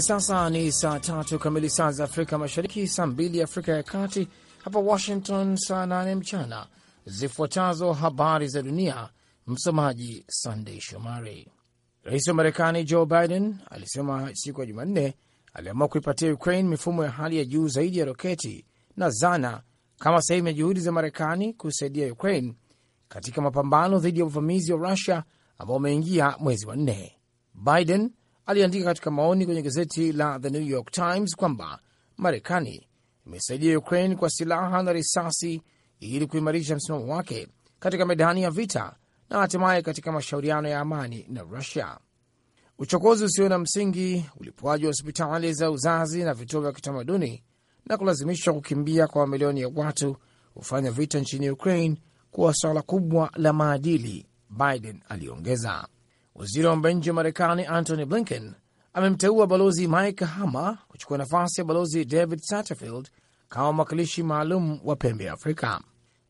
Hivi sasa ni saa tatu kamili saa za Afrika Mashariki, saa mbili Afrika ya Kati, hapa Washington saa nane mchana. Zifuatazo habari za dunia, msomaji Sandei Shomari. Rais wa Marekani Joe Biden alisema siku ya Jumanne aliamua kuipatia Ukraine mifumo ya hali ya juu zaidi ya roketi na zana kama sehemu ya juhudi za Marekani kusaidia Ukraine katika mapambano dhidi ya uvamizi wa Rusia ambao umeingia mwezi wa nne. Biden aliandika katika maoni kwenye gazeti la The New York Times kwamba Marekani imesaidia Ukraine kwa silaha na risasi ili kuimarisha msimamo wake katika medani ya vita na hatimaye katika mashauriano ya amani na Rusia. Uchokozi usio na msingi, ulipuaji wa hospitali za uzazi na vituo vya kitamaduni na kulazimishwa kukimbia kwa mamilioni ya watu hufanya vita nchini Ukraine kuwa swala kubwa la maadili, Biden aliongeza. Waziri wa mambo ya nje wa Marekani Antony Blinken amemteua Balozi Mike Hammer kuchukua nafasi ya Balozi David Satterfield kama mwakilishi maalum wa pembe ya Afrika.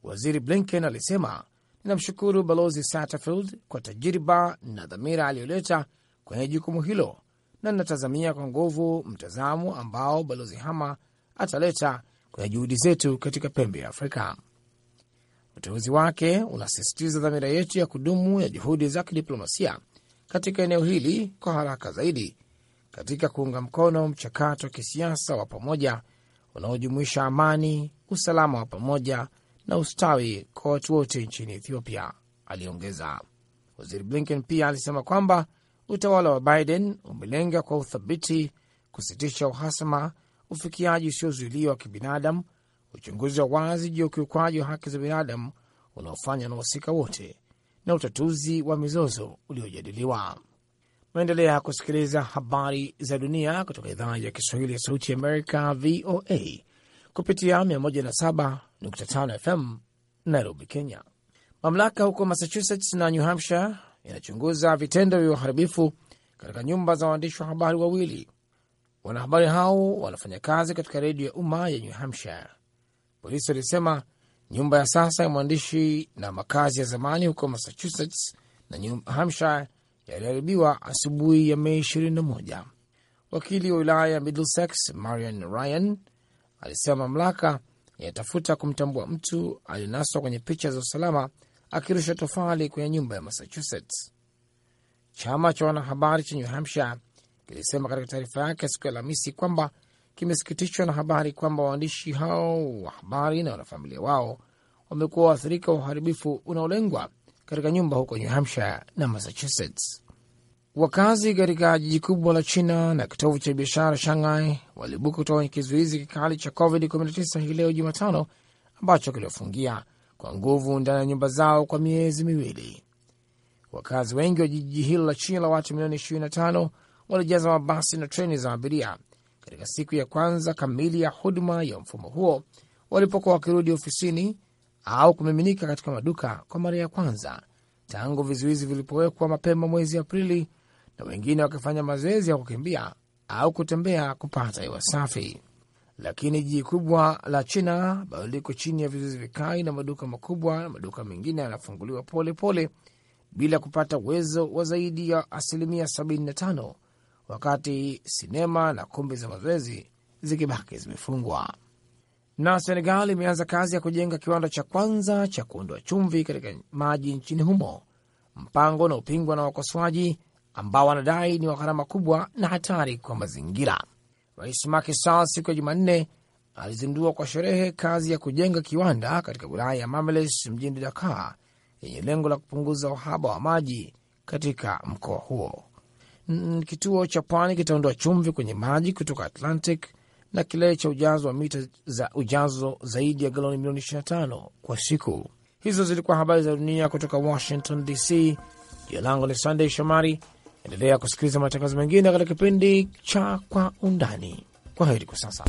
Waziri Blinken alisema, ninamshukuru Balozi Satterfield kwa tajriba na dhamira aliyoleta kwenye jukumu hilo na ninatazamia kwa nguvu mtazamo ambao Balozi Hama ataleta kwenye juhudi zetu katika pembe ya Afrika. Uteuzi wake unasisitiza dhamira yetu ya kudumu ya juhudi za kidiplomasia katika eneo hili kwa haraka zaidi katika kuunga mkono mchakato wa kisiasa wa pamoja unaojumuisha amani, usalama wa pamoja na ustawi kwa watu wote nchini Ethiopia, aliongeza. Waziri Blinken pia alisema kwamba utawala wa Biden umelenga kwa uthabiti kusitisha uhasama, ufikiaji usiozuiliwa wa kibinadamu, uchunguzi wa wazi juu ya ukiukwaji wa haki za binadamu unaofanywa na wahusika wote na utatuzi wa mizozo uliojadiliwa. Naendelea kusikiliza habari za dunia kutoka idhaa ya Kiswahili ya Sauti ya Amerika, VOA, kupitia 107.5 FM Nairobi, Kenya. Mamlaka huko Massachusetts na New Hampshire inachunguza vitendo vya uharibifu katika nyumba za waandishi wa habari wawili. Wanahabari hao wanafanya kazi katika redio ya umma ya New Hampshire. Polisi walisema Nyumba ya sasa ya mwandishi na makazi ya zamani huko Massachusetts na New Hampshire yaliharibiwa asubuhi ya Mei 21. Wakili wa wilaya ya Middlesex Marian Ryan alisema mamlaka yanatafuta kumtambua mtu alinaswa kwenye picha za usalama akirusha tofali kwenye nyumba ya Massachusetts. Chama cha wanahabari cha New Hampshire kilisema katika taarifa yake siku ya Alhamisi kwamba kimesikitishwa na habari kwamba waandishi hao wa habari na wanafamilia wao wamekuwa waathirika wa uharibifu unaolengwa katika nyumba huko New Hampshire na Massachusetts. Wakazi katika jiji kubwa la China na kitovu cha biashara Shanghai walibuka kutoka kwenye kizuizi kikali cha COVID-19 hii leo Jumatano, ambacho kiliofungia kwa nguvu ndani ya nyumba zao kwa miezi miwili. Wakazi wengi wa jiji hilo la China la watu milioni 25 walijaza mabasi na treni za abiria katika siku ya kwanza kamili ya huduma ya mfumo huo walipokuwa wakirudi ofisini au kumiminika katika maduka kwa mara ya kwanza tangu vizuizi vilipowekwa mapema mwezi Aprili, na wengine wakifanya mazoezi ya kukimbia au kutembea kupata hewa safi. Lakini jiji kubwa la China bado liko chini ya vizuizi vikali, na maduka makubwa na maduka mengine yanafunguliwa pole pole bila kupata uwezo wa zaidi ya asilimia 75 wakati sinema na kumbi za mazoezi zikibaki zimefungwa. Na Senegal imeanza kazi ya kujenga kiwanda cha kwanza cha kuondoa chumvi katika maji nchini humo, mpango unaopingwa na wakosoaji ambao wanadai ni wa gharama kubwa na hatari kwa mazingira. Rais Macky Sall siku ya Jumanne alizindua kwa sherehe kazi ya kujenga kiwanda katika wilaya ya Mameles mjini Dakar yenye lengo la kupunguza uhaba wa maji katika mkoa huo. Mm, kituo cha pwani kitaondoa chumvi kwenye maji kutoka Atlantic na kilele cha ujazo wa mita za ujazo zaidi ya galoni milioni 25 kwa siku. Hizo zilikuwa habari za dunia kutoka Washington DC. Jina langu ni sandey Shomari. Endelea kusikiliza matangazo mengine katika kipindi cha Kwa Undani. Kwa heri kwa sasa.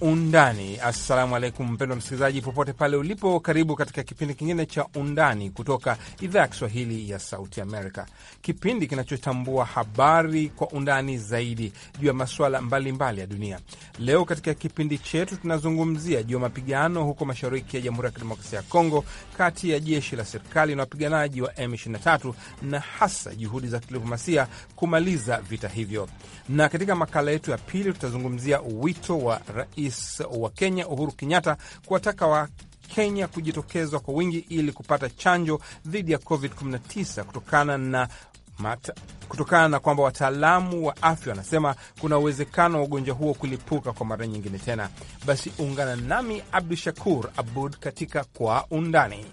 Undani assalamu alaikum, mpendwa msikilizaji, popote pale ulipo, karibu katika kipindi kingine cha Undani kutoka idhaa ya Kiswahili ya Sauti Amerika, kipindi kinachotambua habari kwa undani zaidi juu ya masuala mbalimbali ya dunia. Leo katika kipindi chetu tunazungumzia juu ya mapigano huko mashariki ya Jamhuri ya Kidemokrasia ya Kongo kati ya jeshi la serikali na wapiganaji wa M23 na hasa juhudi za kidiplomasia kumaliza vita hivyo, na katika makala yetu ya pili tutazungumzia wito wa rais wa Kenya Kenya Uhuru Kenyatta kuwataka wa Kenya kujitokezwa kwa wingi ili kupata chanjo dhidi ya COVID-19 kutokana na Mata, kutokana na kwamba wataalamu wa afya wanasema kuna uwezekano wa ugonjwa huo kulipuka kwa mara nyingine tena. Basi ungana nami Abdu Shakur Abud katika Kwa Undani.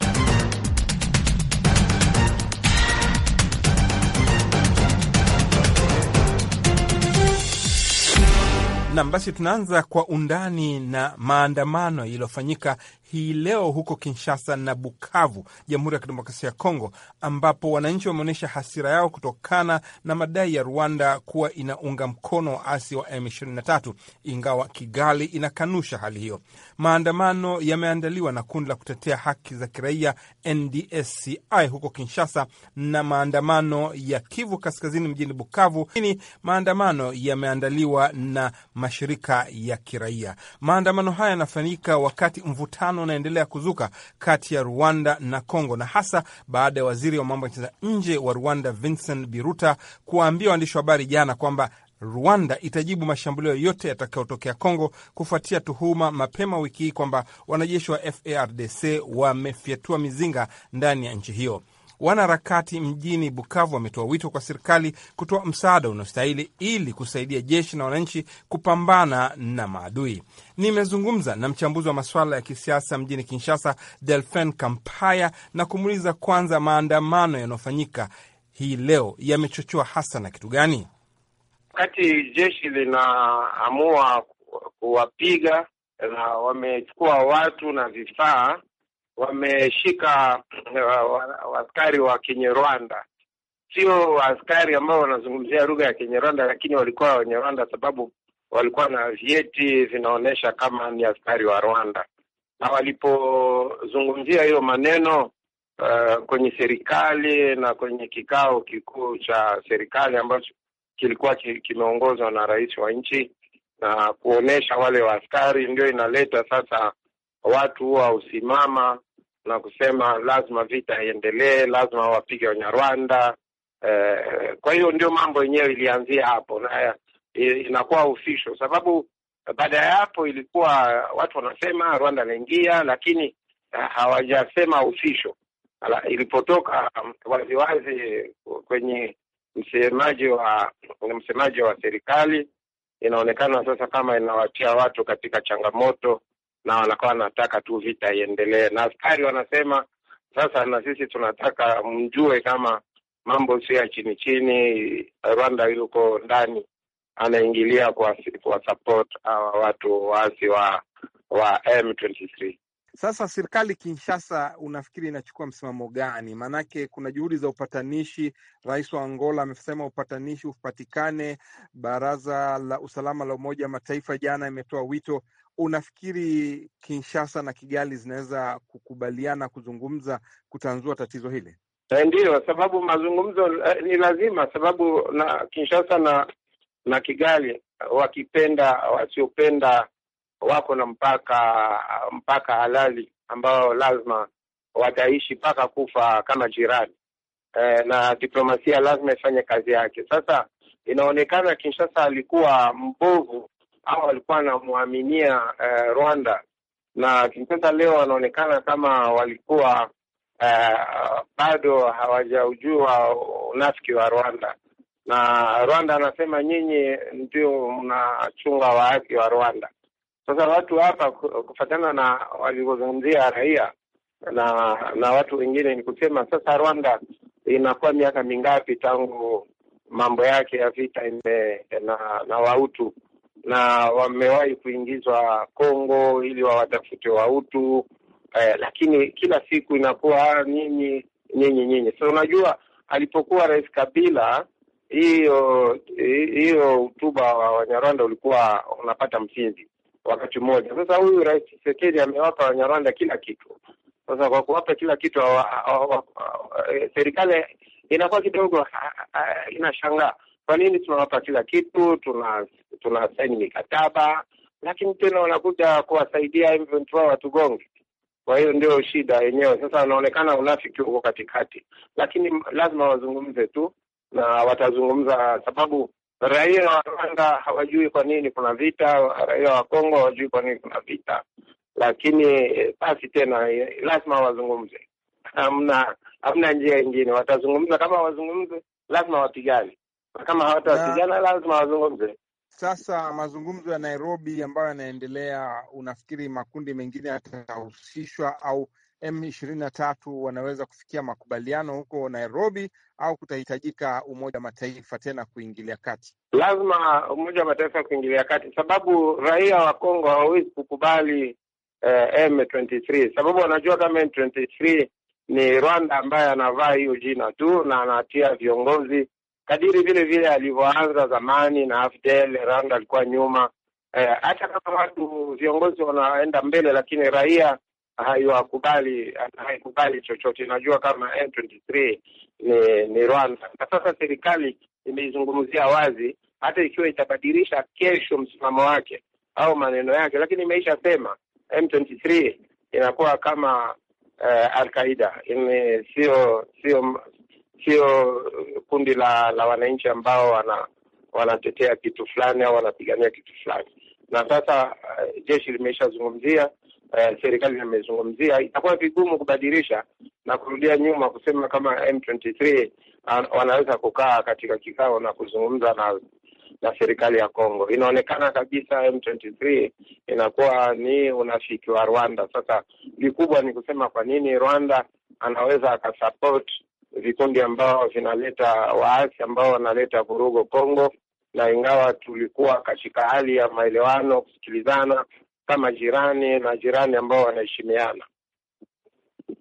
Nam, basi tunaanza kwa undani na maandamano yaliyofanyika hii leo huko Kinshasa na Bukavu, Jamhuri ya Kidemokrasia ya Kongo, ambapo wananchi wameonyesha hasira yao kutokana na madai ya Rwanda kuwa inaunga mkono waasi wa M23, ingawa Kigali inakanusha hali hiyo. Maandamano yameandaliwa na kundi la kutetea haki za kiraia NDSCI huko Kinshasa na maandamano ya Kivu Kaskazini mjini Bukavu. Ini maandamano yameandaliwa na mashirika ya kiraia. Maandamano haya yanafanyika wakati mvutano unaendelea kuzuka kati ya Rwanda na congo na hasa baada ya waziri wa mambo ya nje wa Rwanda Vincent Biruta kuwaambia waandishi wa habari jana kwamba Rwanda itajibu mashambulio yote yatakayotokea Kongo kufuatia tuhuma mapema wiki hii kwamba wanajeshi wa FARDC wamefyatua mizinga ndani ya nchi hiyo. Wanaharakati mjini Bukavu wametoa wito kwa serikali kutoa msaada unaostahili ili kusaidia jeshi na wananchi kupambana na maadui. Nimezungumza na mchambuzi wa masuala ya kisiasa mjini Kinshasa, Delfin Kampaya, na kumuuliza kwanza, maandamano yanayofanyika hii leo yamechochewa hasa na kitu gani? Wakati jeshi linaamua kuwapiga na wamechukua watu na vifaa wameshika eh, askari wa rwanda sio askari ambao wanazungumzia lugha ya rwanda lakini walikuwa wenye rwanda sababu walikuwa na vyeti vinaonyesha kama ni askari wa Rwanda, na walipozungumzia hiyo maneno uh, kwenye serikali na kwenye kikao kikuu cha serikali ambacho kilikuwa kimeongozwa na rais wa nchi na kuonesha wale waaskari, ndio inaleta sasa watu huwa usimama na kusema lazima vita iendelee, lazima wapige Wanyarwanda. Eh, kwa hiyo ndio mambo yenyewe ilianzia hapo na inakuwa official, sababu baada ya hapo ilikuwa watu wanasema Rwanda anaingia, lakini eh, hawajasema official. Ilipotoka um, waziwazi kwenye msemaji wa msemaji wa serikali, inaonekana sasa kama inawatia watu katika changamoto na wanakuwa wanataka tu vita iendelee, na askari wanasema sasa, na sisi tunataka mjue kama mambo si ya chini chini, Rwanda yuko ndani anaingilia kwa, kwa support hawa watu waasi wa wa M23. Sasa serikali Kinshasa, unafikiri inachukua msimamo gani? Maanake kuna juhudi za upatanishi. Rais wa Angola amesema upatanishi upatikane. Baraza la usalama la Umoja wa Mataifa jana imetoa wito Unafikiri Kinshasa na Kigali zinaweza kukubaliana kuzungumza kutanzua tatizo hili? Eh, Ndiyo, sababu mazungumzo eh, ni lazima, sababu na Kinshasa na na Kigali wakipenda wasiopenda, wako na mpaka mpaka halali ambao lazima wataishi mpaka kufa kama jirani eh, na diplomasia lazima ifanye kazi yake. Sasa inaonekana Kinshasa alikuwa mbovu au walikuwa wanamwaminia uh, Rwanda na kisasa leo wanaonekana kama walikuwa uh, bado hawajaujua unafiki wa Rwanda, na Rwanda anasema nyinyi ndio mnachunga waaki wa Rwanda. Sasa watu hapa kufatana na walivyozungumzia raia na na watu wengine, ni kusema sasa Rwanda inakuwa miaka mingapi tangu mambo yake ya vita ime na, na wautu na wamewahi kuingizwa Kongo ili wawatafute wautu eh, lakini kila siku inakuwa ah, nyinyi nyinyi nyinyi. So unajua alipokuwa Rais Kabila hiyo hiyo utuba wa Wanyarwanda ulikuwa unapata msingi wakati mmoja. Sasa huyu Rais Tshisekedi amewapa Wanyarwanda kila kitu. Sasa kwa kuwapa kila kitu, eh, serikali inakuwa kidogo inashangaa. Kwa nini tunawapa kila kitu? Tuna tunasaini mikataba, lakini tena wanakuja kuwasaidia hivyo wao watugonge. Kwa hiyo ndio shida yenyewe. Sasa wanaonekana unafiki huko katikati, lakini lazima wazungumze tu na watazungumza, sababu raia wa Rwanda hawajui kwa nini kuna vita, raia wa Kongo hawajui kwa nini kuna vita, lakini eh, basi tena eh, lazima wazungumze. Hamna hamna njia ingine, watazungumza. Kama wazungumze, lazima wapigane kama hawatawasiliana lazima wazungumze. Sasa mazungumzo ya Nairobi ambayo yanaendelea, unafikiri makundi mengine yatahusishwa au M ishirini na tatu wanaweza kufikia makubaliano huko Nairobi au kutahitajika Umoja wa Mataifa tena kuingilia kati? Lazima Umoja wa Mataifa kuingilia kati, sababu raia wa Kongo hawawezi kukubali eh, M23, sababu wanajua kama M23 ni Rwanda ambaye anavaa hiyo jina tu na anatia viongozi kadiri vile vile alivyoanza zamani na AFDL, Rand alikuwa nyuma. Eh, hata kama watu viongozi wanaenda mbele, lakini raia haiwakubali, haikubali chochote. Najua kama M23 ni, ni Rwanda, na sasa serikali imeizungumzia wazi, hata ikiwa itabadilisha kesho msimamo wake au maneno yake, lakini imeisha sema M23 inakuwa kama uh, Al-Qaeda, sio sio sio kundi la la wananchi ambao wana wanatetea kitu fulani au wanapigania kitu fulani. Na sasa eh, jeshi limeshazungumzia, eh, serikali imezungumzia, itakuwa vigumu kubadilisha na kurudia nyuma kusema kama M23 ah, wanaweza kukaa katika kikao na kuzungumza na na serikali ya Kongo. Inaonekana kabisa M23 inakuwa ni unafiki wa Rwanda. Sasa vikubwa ni kusema kwa nini Rwanda anaweza akasupport vikundi ambao vinaleta waasi ambao wanaleta vurugo Kongo, na ingawa tulikuwa katika hali ya maelewano, kusikilizana kama jirani na jirani ambao wanaheshimiana.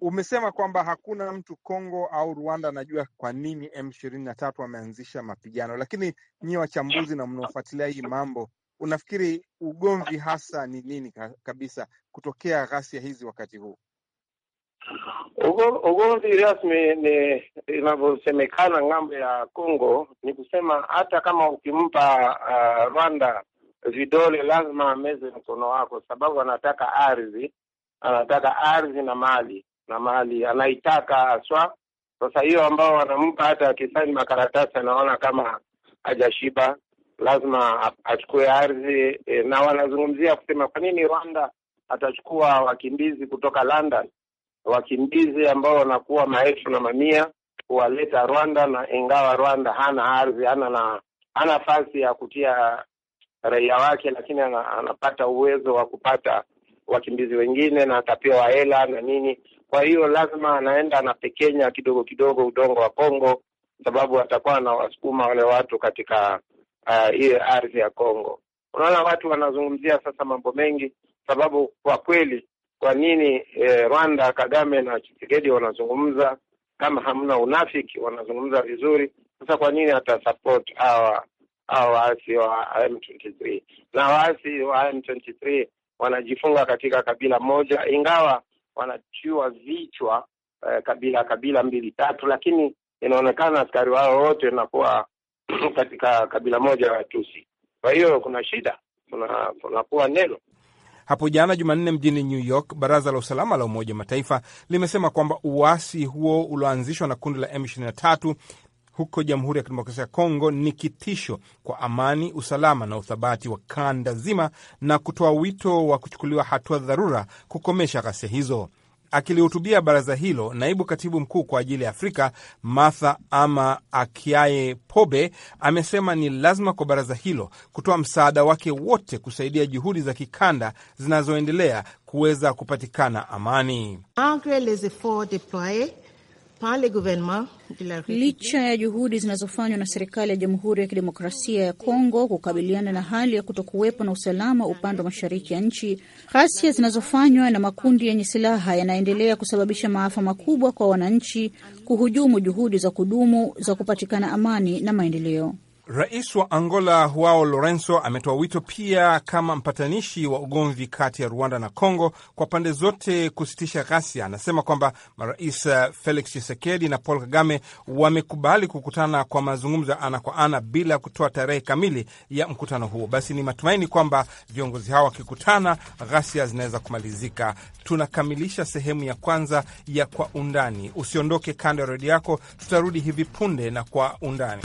Umesema kwamba hakuna mtu Kongo au Rwanda anajua kwa nini M 23 na tatu ameanzisha mapigano, lakini nyie wachambuzi na mnaofuatilia hii mambo, unafikiri ugomvi hasa ni nini kabisa kutokea ghasia hizi wakati huu? Ugomvi rasmi ni inavyosemekana ng'ambo ya Kongo, ni kusema hata kama ukimpa uh, Rwanda vidole lazima ameze mkono wako, sababu anataka ardhi, anataka ardhi na mali na mali anaitaka haswa. Sasa hiyo ambao wanampa, hata akisaini makaratasi anaona kama hajashiba, lazima achukue ardhi e, na wanazungumzia kusema kwa nini Rwanda atachukua wakimbizi kutoka London wakimbizi ambao wanakuwa maelfu na mamia kuwaleta Rwanda, na ingawa Rwanda hana ardhi, hana na hana nafasi ya kutia raia wake, lakini anapata uwezo wa kupata wakimbizi wengine na atapewa hela na nini. Kwa hiyo lazima anaenda anapekenya kidogo kidogo udongo wa Kongo, sababu atakuwa anawasukuma wale watu katika hiyo uh, ardhi ya Kongo. Unaona, watu wanazungumzia sasa mambo mengi, sababu kwa kweli kwa nini eh, Rwanda Kagame na chisekedi wanazungumza kama hamna unafiki, wanazungumza vizuri. Sasa kwa nini support hawa hawa waasi wa M23? Na waasi wa M23 wanajifunga katika kabila moja, ingawa wanachua vichwa eh, kabila kabila mbili tatu, lakini inaonekana askari wao wote inakuwa katika kabila moja ya Watusi. Kwa hiyo kuna shida, kuna kunakuwa neno hapo jana Jumanne mjini New York, baraza la usalama la Umoja wa Mataifa limesema kwamba uasi huo ulioanzishwa na kundi la M23 huko Jamhuri ya Kidemokrasia ya Kongo ni kitisho kwa amani, usalama na uthabati wa kanda zima na kutoa wito wa kuchukuliwa hatua dharura kukomesha ghasia hizo. Akilihutubia baraza hilo, naibu katibu mkuu kwa ajili ya Afrika Martha Ama Akiaye Pobe amesema ni lazima kwa baraza hilo kutoa msaada wake wote kusaidia juhudi za kikanda zinazoendelea kuweza kupatikana amani. Licha ya juhudi zinazofanywa na serikali ya Jamhuri ya Kidemokrasia ya Kongo kukabiliana na hali ya kutokuwepo na usalama upande wa mashariki ya nchi, ghasia zinazofanywa na makundi yenye ya silaha yanaendelea kusababisha maafa makubwa kwa wananchi, kuhujumu juhudi za kudumu za kupatikana amani na maendeleo. Rais wa Angola huao Lorenzo ametoa wito pia kama mpatanishi wa ugomvi kati ya Rwanda na congo kwa pande zote kusitisha ghasia. Anasema kwamba marais eh, Felix Tshisekedi na Paul Kagame wamekubali kukutana kwa mazungumzo ya ana kwa ana bila kutoa tarehe kamili ya mkutano huo. Basi ni matumaini kwamba viongozi hao wakikutana, ghasia zinaweza kumalizika. Tunakamilisha sehemu ya kwanza ya Kwa Undani. Usiondoke kando ya redio yako, tutarudi hivi punde na Kwa Undani.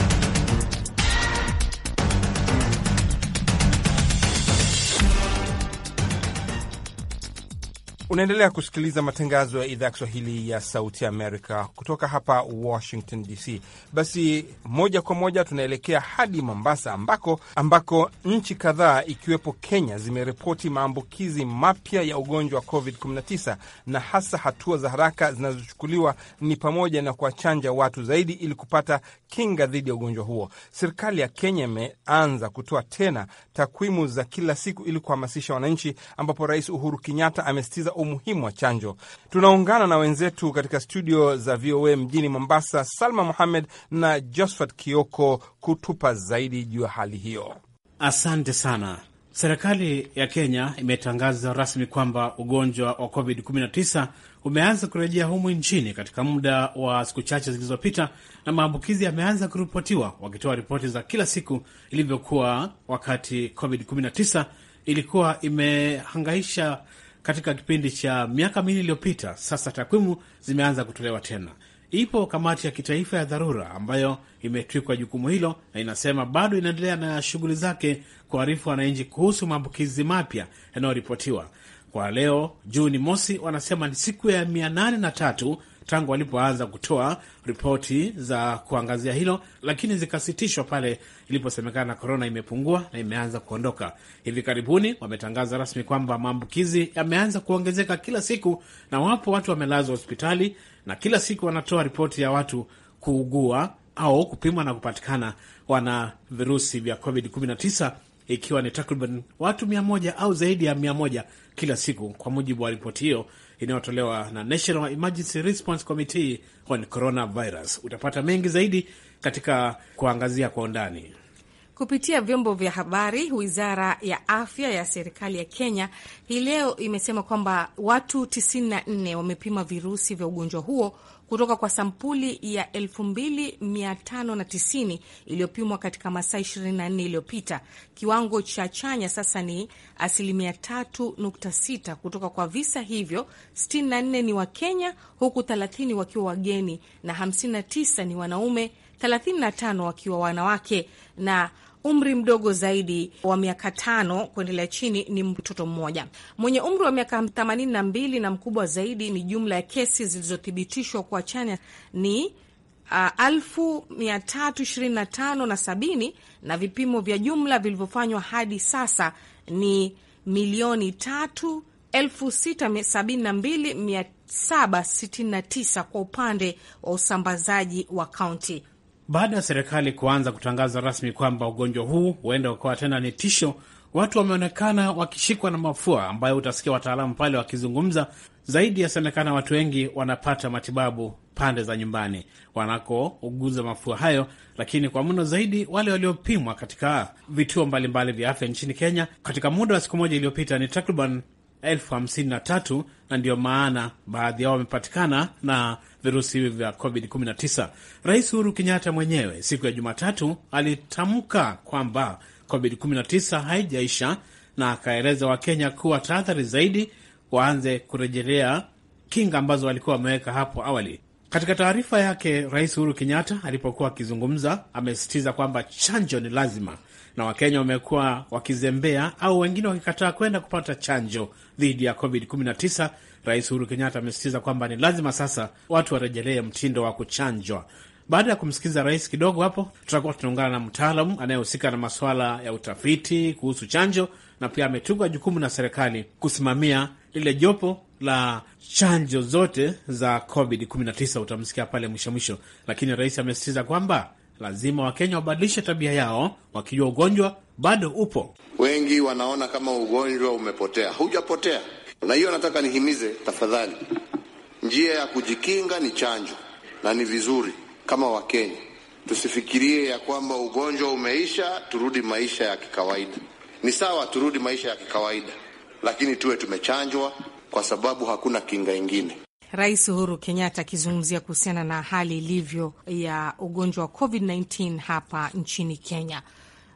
Unaendelea kusikiliza matangazo ya idhaa ya Kiswahili ya Sauti Amerika kutoka hapa Washington DC. Basi moja kwa moja tunaelekea hadi Mombasa ambako, ambako nchi kadhaa ikiwepo Kenya zimeripoti maambukizi mapya ya ugonjwa wa COVID-19 na hasa hatua za haraka zinazochukuliwa ni pamoja na kuwachanja watu zaidi ili kupata kinga dhidi ya ugonjwa huo. Serikali ya Kenya imeanza kutoa tena takwimu za kila siku ili kuhamasisha wananchi, ambapo Rais Uhuru Kenyatta amesitiza umuhimu wa chanjo. Tunaungana na wenzetu katika studio za VOA mjini Mombasa, Salma Mohamed na Josphat Kioko kutupa zaidi juu ya hali hiyo. Asante sana. Serikali ya Kenya imetangaza rasmi kwamba ugonjwa wa COVID-19 umeanza kurejea humu nchini katika muda wa siku chache zilizopita, na maambukizi yameanza kuripotiwa, wakitoa ripoti za kila siku ilivyokuwa wakati COVID-19 ilikuwa imehangaisha katika kipindi cha miaka miwili iliyopita. Sasa takwimu zimeanza kutolewa tena. Ipo kamati ya kitaifa ya dharura ambayo imetwikwa jukumu hilo na inasema bado inaendelea na shughuli zake kuarifu wananchi kuhusu maambukizi mapya yanayoripotiwa kwa leo Juni mosi. Wanasema ni siku ya mia nane na tatu tangu walipoanza kutoa ripoti za kuangazia hilo, lakini zikasitishwa pale iliposemekana korona imepungua na imeanza kuondoka. Hivi karibuni wametangaza rasmi kwamba maambukizi yameanza kuongezeka kila siku, na wapo watu wamelazwa hospitali, na kila siku wanatoa ripoti ya watu kuugua au kupimwa na kupatikana wana virusi vya COVID-19 ikiwa ni takriban watu mia moja au zaidi ya mia moja kila siku, kwa mujibu wa ripoti hiyo inayotolewa na National Emergency Response Committee on Coronavirus. Utapata mengi zaidi katika kuangazia kwa undani kupitia vyombo vya habari. Wizara ya afya ya serikali ya Kenya hii leo imesema kwamba watu 94 wamepima virusi vya ugonjwa huo kutoka kwa sampuli ya 2590 iliyopimwa katika masaa 24 iliyopita. Kiwango cha chanya sasa ni asilimia 3.6. Kutoka kwa visa hivyo 64 ni wa Kenya, huku 30 wakiwa wageni na 59 ni wanaume, 35 wakiwa wanawake na umri mdogo zaidi wa miaka tano kuendelea chini ni mtoto mmoja, mwenye umri wa miaka themanini na mbili na mkubwa zaidi. Ni jumla ya kesi zilizothibitishwa kwa chanya ni uh, elfu mia tatu ishirini na tano na sabini na vipimo vya jumla vilivyofanywa hadi sasa ni milioni tatu elfu sita sabini na mbili mia saba sitini na tisa kwa upande wa usambazaji wa kaunti. Baada ya serikali kuanza kutangaza rasmi kwamba ugonjwa huu huenda ukawa tena ni tisho, watu wameonekana wakishikwa na mafua ambayo utasikia wataalamu pale wakizungumza zaidi. Yasemekana watu wengi wanapata matibabu pande za nyumbani wanakouguza mafua hayo, lakini kwa mno zaidi wale waliopimwa katika vituo mbalimbali vya afya nchini Kenya katika muda wa siku moja iliyopita ni takriban elfu hamsini na tatu na ndiyo maana baadhi yao wamepatikana na virusi hivi vya COVID-19. Rais Uhuru Kenyatta mwenyewe siku ya Jumatatu alitamka kwamba COVID-19 haijaisha na akaeleza Wakenya kuwa tahadhari zaidi waanze kurejelea kinga ambazo walikuwa wameweka hapo awali. Katika taarifa yake, Rais Uhuru Kenyatta alipokuwa akizungumza, amesisitiza kwamba chanjo ni lazima na Wakenya wamekuwa wakizembea au wengine wakikataa kwenda kupata chanjo dhidi ya COVID-19. Rais Uhuru Kenyatta amesisitiza kwamba ni lazima sasa watu warejelee mtindo wa kuchanjwa. Baada ya kumsikiliza rais kidogo hapo, tutakuwa tunaungana na mtaalamu anayehusika na masuala ya utafiti kuhusu chanjo, na pia ametungwa jukumu na serikali kusimamia lile jopo la chanjo zote za COVID-19. Utamsikia pale mwisho mwisho, lakini rais amesisitiza kwamba lazima Wakenya wabadilishe tabia yao, wakijua ugonjwa bado upo. Wengi wanaona kama ugonjwa umepotea, hujapotea Na hiyo nataka nihimize, tafadhali, njia ya kujikinga ni chanjo, na ni vizuri kama Wakenya tusifikirie ya kwamba ugonjwa umeisha, turudi maisha ya kikawaida. Ni sawa, turudi maisha ya kikawaida, lakini tuwe tumechanjwa, kwa sababu hakuna kinga ingine. Rais Uhuru Kenyatta akizungumzia kuhusiana na hali ilivyo ya ugonjwa wa COVID-19 hapa nchini Kenya.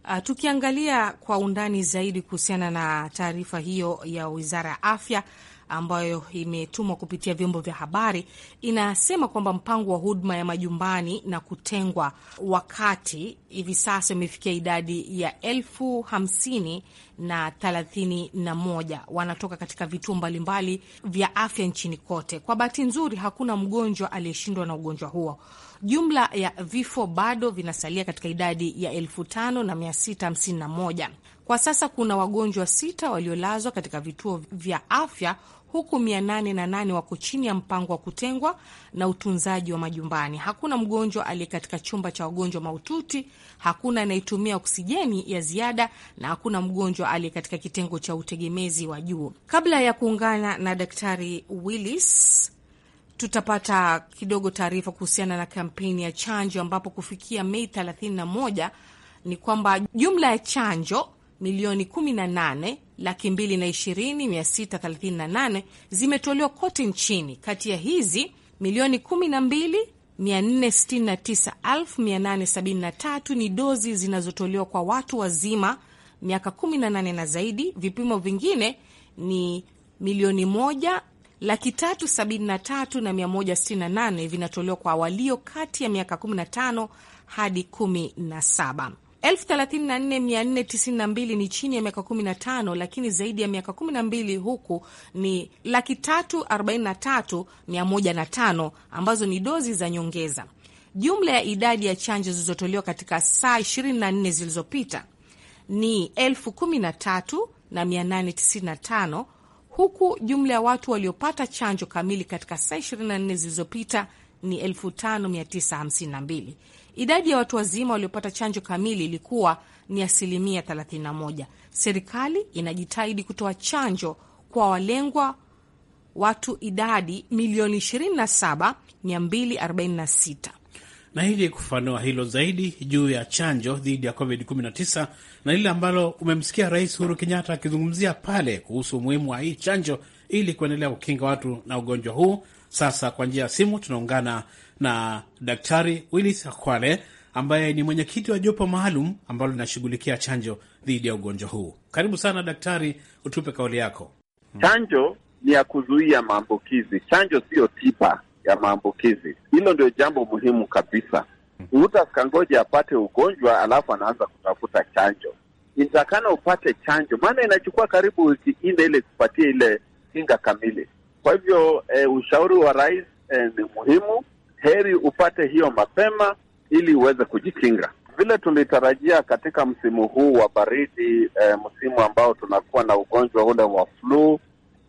Uh, tukiangalia kwa undani zaidi kuhusiana na taarifa hiyo ya Wizara ya Afya ambayo imetumwa kupitia vyombo vya habari inasema kwamba mpango wa huduma ya majumbani na kutengwa wakati hivi sasa imefikia idadi ya elfu hamsini na thelathini na moja wanatoka katika vituo mbalimbali vya afya nchini kote. Kwa bahati nzuri, hakuna mgonjwa aliyeshindwa na ugonjwa huo. Jumla ya vifo bado vinasalia katika idadi ya elfu tano na mia sita hamsini na moja. Kwa sasa kuna wagonjwa sita waliolazwa katika vituo vya afya huku mia nane na nane wako chini ya mpango wa kutengwa na utunzaji wa majumbani. Hakuna mgonjwa aliye katika chumba cha wagonjwa mahututi, hakuna anayetumia oksijeni ya ziada na hakuna mgonjwa aliye katika kitengo cha utegemezi wa juu. Kabla ya kuungana na Daktari Willis tutapata kidogo taarifa kuhusiana na kampeni ya chanjo ambapo kufikia Mei 31 ni kwamba jumla ya chanjo milioni 18 laki mbili na ishirini mia zimetolewa kote nchini. Kati ya hizi milioni 12 469,873 ni dozi zinazotolewa kwa watu wazima miaka 18 na zaidi. Vipimo vingine ni milioni 1 laki tatu na mia moja sitini na nane vinatolewa kwa walio kati ya miaka 15 hadi 17 elfu thelathini na nne mia nne tisini na mbili ni chini ya miaka kumi na tano lakini zaidi ya miaka kumi na mbili huku ni laki tatu arobaini na tatu mia moja na tano ambazo ni dozi za nyongeza. Jumla ya idadi ya chanjo zilizotolewa katika saa 24 zilizopita ni elfu kumi na tatu na mia nane tisini na tano huku jumla ya watu waliopata chanjo kamili katika saa 24 zilizopita ni elfu tano mia tisa hamsini na mbili idadi ya watu wazima waliopata chanjo kamili ilikuwa ni asilimia 31. Serikali inajitahidi kutoa chanjo kwa walengwa watu idadi milioni 27,246 na ili kufanua hilo zaidi juu ya chanjo dhidi ya COVID-19 na lile ambalo umemsikia Rais Uhuru Kenyatta akizungumzia pale kuhusu umuhimu wa hii chanjo ili kuendelea kukinga watu na ugonjwa huu. Sasa kwa njia ya simu tunaungana na Daktari Willis Akwale ambaye ni mwenyekiti wa jopo maalum ambalo linashughulikia chanjo dhidi ya ugonjwa huu. Karibu sana daktari, utupe kauli yako. Chanjo ni ya kuzuia maambukizi, chanjo siyo tiba ya maambukizi. Hilo ndio jambo muhimu kabisa. Mtu asikangoja apate ugonjwa alafu anaanza kutafuta chanjo. Inatakana upate chanjo, maana inachukua karibu wiki nne ile kupatia ile kinga kamili. Kwa hivyo eh, ushauri wa rais eh, ni muhimu heri upate hiyo mapema ili uweze kujikinga. Vile tulitarajia katika msimu huu wa baridi e, msimu ambao tunakuwa na ugonjwa ule wa flu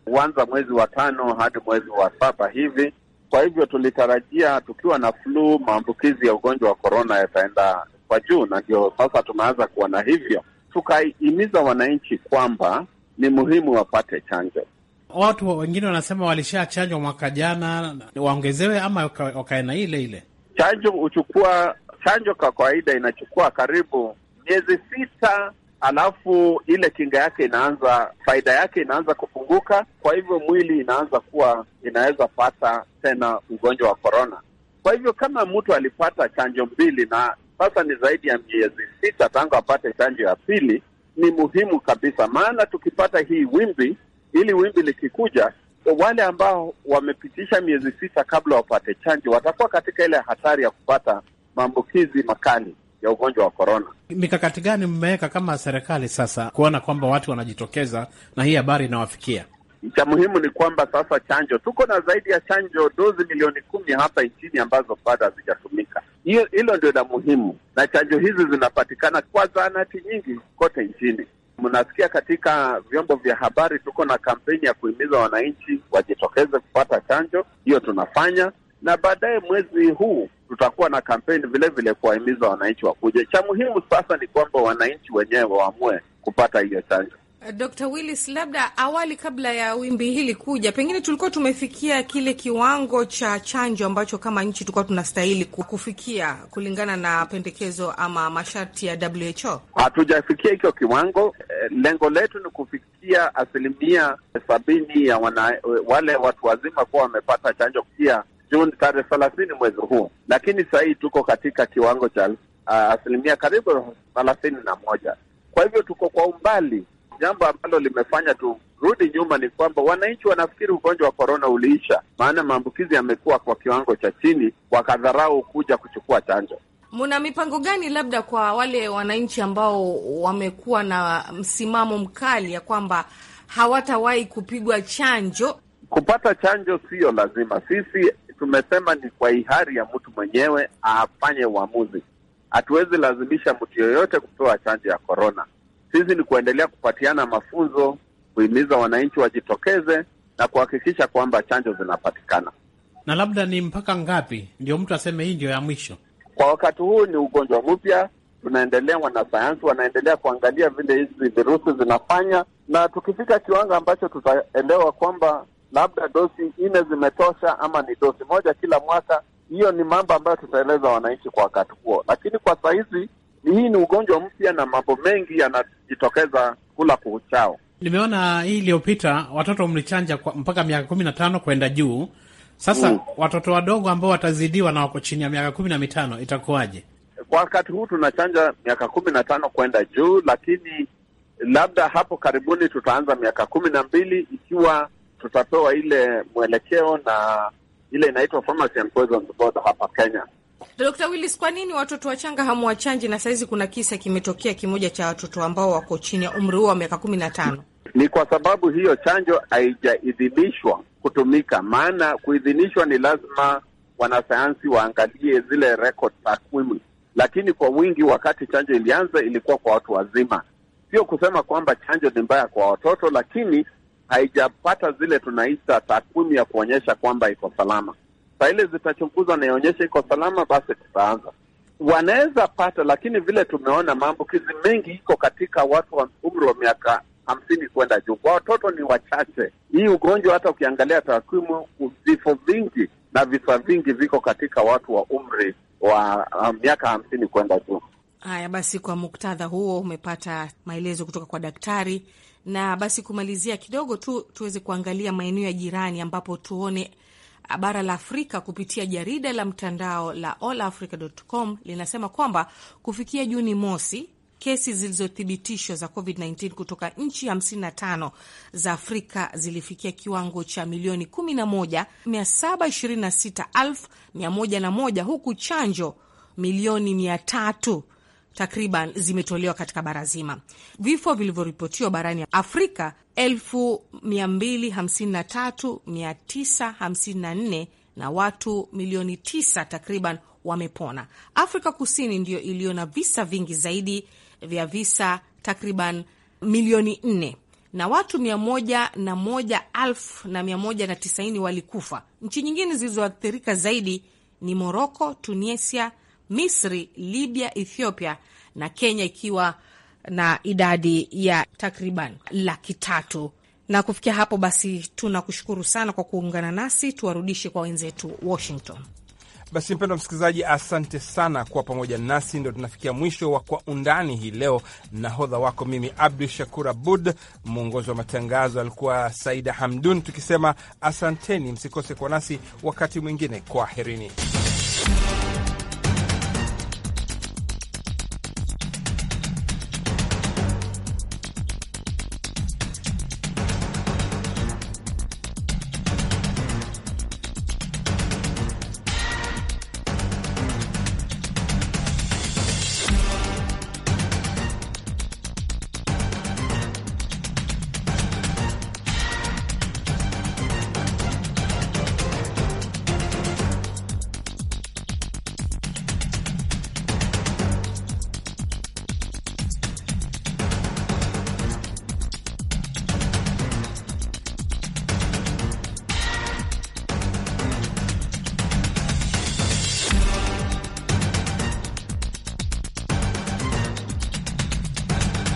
huanza mwezi wa tano hadi mwezi wa saba hivi. Kwa hivyo tulitarajia tukiwa na flu maambukizi ya ugonjwa wa korona yataenda kwa juu, na ndio sasa tumeanza kuona hivyo. tukaimiza wananchi kwamba ni muhimu wapate chanjo. Watu wengine wanasema chanjo mwaka jana, waongezewe ama wakae na ile ile chanjo. Huchukua chanjo kwa kawaida inachukua karibu miezi sita, alafu ile kinga yake inaanza, faida yake inaanza kupunguka, kwa hivyo mwili inaanza kuwa inaweza pata tena ugonjwa wa korona. Kwa hivyo kama mtu alipata chanjo mbili na sasa ni zaidi ya miezi sita tangu apate chanjo ya pili, ni muhimu kabisa, maana tukipata hii wimbi ili wimbi likikuja, wale ambao wamepitisha miezi sita kabla wapate chanjo watakuwa katika ile hatari ya kupata maambukizi makali ya ugonjwa wa korona. Mikakati gani mmeweka kama serikali sasa kuona kwamba watu wanajitokeza na hii habari inawafikia? Cha muhimu ni kwamba sasa chanjo, tuko na zaidi ya chanjo dozi milioni kumi hapa nchini ambazo bado hazijatumika. Hiyo hilo ndio la muhimu, na chanjo hizi zinapatikana kwa zahanati nyingi kote nchini. Mnasikia katika vyombo vya habari, tuko na kampeni ya kuhimiza wananchi wajitokeze kupata chanjo. Hiyo tunafanya, na baadaye mwezi huu tutakuwa na kampeni vilevile kuwahimiza wananchi wakuje. Cha muhimu sasa ni kwamba wananchi wenyewe waamue kupata hiyo chanjo. Dr. Willis, labda awali, kabla ya wimbi hili kuja, pengine tulikuwa tumefikia kile kiwango cha chanjo ambacho kama nchi tulikuwa tunastahili kufikia kulingana na pendekezo ama masharti ya WHO? Hatujafikia hicho kiwango. Eh, lengo letu ni kufikia asilimia sabini ya wana, wale watu wazima kuwa wamepata chanjo kufikia Juni tarehe thelathini mwezi huu, lakini sahii tuko katika kiwango cha ah, asilimia karibu thelathini na moja. Kwa hivyo tuko kwa umbali Jambo ambalo limefanya turudi nyuma ni kwamba wananchi wanafikiri ugonjwa wa korona uliisha, maana maambukizi yamekuwa kwa kiwango cha chini, wakadharau kuja kuchukua chanjo. Mna mipango gani labda kwa wale wananchi ambao wamekuwa na msimamo mkali ya kwamba hawatawahi kupigwa chanjo? Kupata chanjo siyo lazima. Sisi tumesema ni kwa ihari ya mtu mwenyewe afanye uamuzi. Hatuwezi lazimisha mtu yoyote kupewa chanjo ya korona. Sisi ni kuendelea kupatiana mafunzo, kuhimiza wananchi wajitokeze na kuhakikisha kwamba chanjo zinapatikana. Na labda ni mpaka ngapi ndio mtu aseme hii ndio ya mwisho? Kwa wakati huu ni ugonjwa mpya, tunaendelea, wanasayansi wanaendelea kuangalia vile hizi virusi zinafanya, na tukifika kiwango ambacho tutaelewa kwamba labda dosi nne zimetosha ama ni dosi moja kila mwaka, hiyo ni mambo ambayo tutaeleza wananchi kwa wakati huo, lakini kwa sahizi hii ni ugonjwa mpya na mambo mengi yanajitokeza kula kuchao Nimeona hii iliyopita watoto mlichanja kwa mpaka miaka kumi na tano kwenda juu. Sasa mm, watoto wadogo ambao watazidiwa na wako chini ya miaka kumi na mitano itakuwaje? Kwa wakati huu tunachanja miaka kumi na tano kwenda juu, lakini labda hapo karibuni tutaanza miaka kumi na mbili ikiwa tutapewa ile mwelekeo na ile inaitwa Pharmacy and Poisons Board hapa Kenya. Dr. Willis, kwa nini watoto wachanga hamwachanji na sahizi kuna kisa kimetokea kimoja cha watoto ambao wako chini ya umri huo wa miaka kumi na tano? Ni kwa sababu hiyo chanjo haijaidhinishwa kutumika. Maana kuidhinishwa ni lazima wanasayansi waangalie zile rekod takwimu, lakini kwa wingi, wakati chanjo ilianza ilikuwa kwa watu wazima. Sio kusema kwamba chanjo ni mbaya kwa watoto, lakini haijapata zile tunaita takwimu ya kuonyesha kwamba iko salama faili zitachunguzwa na ionyeshe iko salama, basi tutaanza. Wanaweza pata, lakini vile tumeona maambukizi mengi iko katika watu wa umri wa miaka hamsini kwenda juu. Kwa watoto ni wachache. Hii ugonjwa hata ukiangalia takwimu, vifo vingi na visa vingi viko katika watu wa umri wa uh, miaka hamsini kwenda juu. Haya basi, kwa muktadha huo umepata maelezo kutoka kwa daktari. Na basi kumalizia kidogo tu, tuweze kuangalia maeneo ya jirani ambapo tuone bara la Afrika kupitia jarida la mtandao la allafrica.com linasema kwamba kufikia Juni mosi kesi zilizothibitishwa za COVID-19 kutoka nchi 55 za Afrika zilifikia kiwango cha milioni 11,726,101 huku chanjo milioni takriban zimetolewa katika bara zima. Vifo vilivyoripotiwa barani Afrika 253954 na watu milioni 9 takriban wamepona. Afrika Kusini ndiyo iliyo na visa vingi zaidi vya visa takriban milioni nne na watu mia walikufa. Nchi nyingine zilizoathirika zaidi ni Moroko, Tunisia, Misri, Libya, Ethiopia na Kenya ikiwa na idadi ya takriban laki tatu. Na kufikia hapo basi, tunakushukuru sana kwa kuungana nasi, tuwarudishe kwa wenzetu Washington. Basi mpendo msikilizaji, asante sana kuwa pamoja nasi. Ndo tunafikia mwisho wa Kwa Undani hii leo. Nahodha wako mimi Abdu Shakur Abud, mwongozi wa matangazo alikuwa Saida Hamdun, tukisema asanteni, msikose kwa nasi wakati mwingine. Kwaherini.